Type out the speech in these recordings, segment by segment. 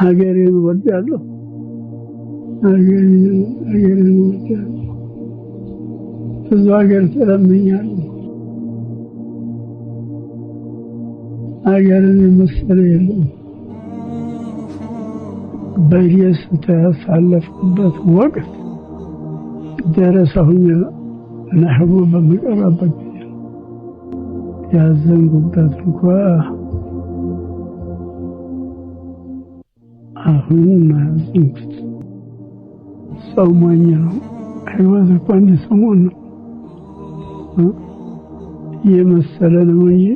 هاجرين وديالو هاجرين هاجرين وديالو فزواجر تلمنيالو يعني. هاجرين مصريالو بيريس تاس على فقدت وقت درسه نحبوب من قربك يا زنقو بدات አሁንም አያዝኑት ሰው ሞኝ ነው። ህይወት እኮ እንዲ ሰሞን ነው የመሰለ ነው እንጂ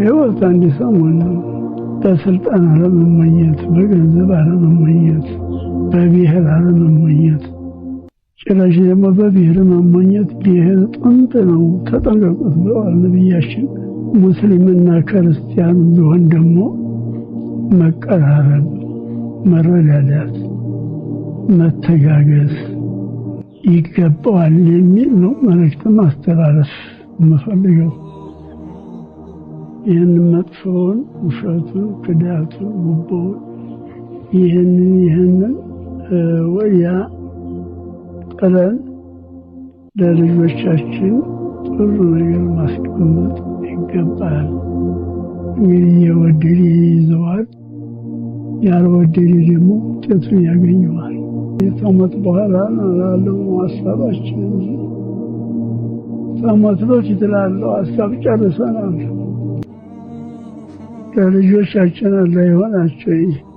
ህይወት አንድ ሰሞን ነው። በስልጣን አለመመኘት፣ በገንዘብ አለመመኘት፣ በብሔር አለመመኘት፣ ጭራሽ ደግሞ በብሔር መመኘት ብሔር ጥንጥ ነው። ተጠንቀቁት ብለዋል ነቢያችን። ሙስሊምና ክርስቲያን ቢሆን ደግሞ መቀራረብ፣ መረዳዳት፣ መተጋገዝ ይገባዋል የሚል ነው መልእክት ማስተላለፍ የምፈልገው። ይህን መጥፎውን፣ ውሸቱን፣ ክዳቱን፣ ጉቦውን ይህንን ይህንን ወያ ጥለን ለልጆቻችን ጥሩ ነገር ማስቀመጥ ይገባል። እንግዲህ የወደደ ይዘዋል፣ ያልወደደ ደግሞ ውጤቱን ያገኘዋል። ከሞት በኋላ ላለው ሀሳባችን ከሞት በፊት ላለው ሀሳብ ጨርሰናል። ለልጆቻችን አላ ይሆናቸው።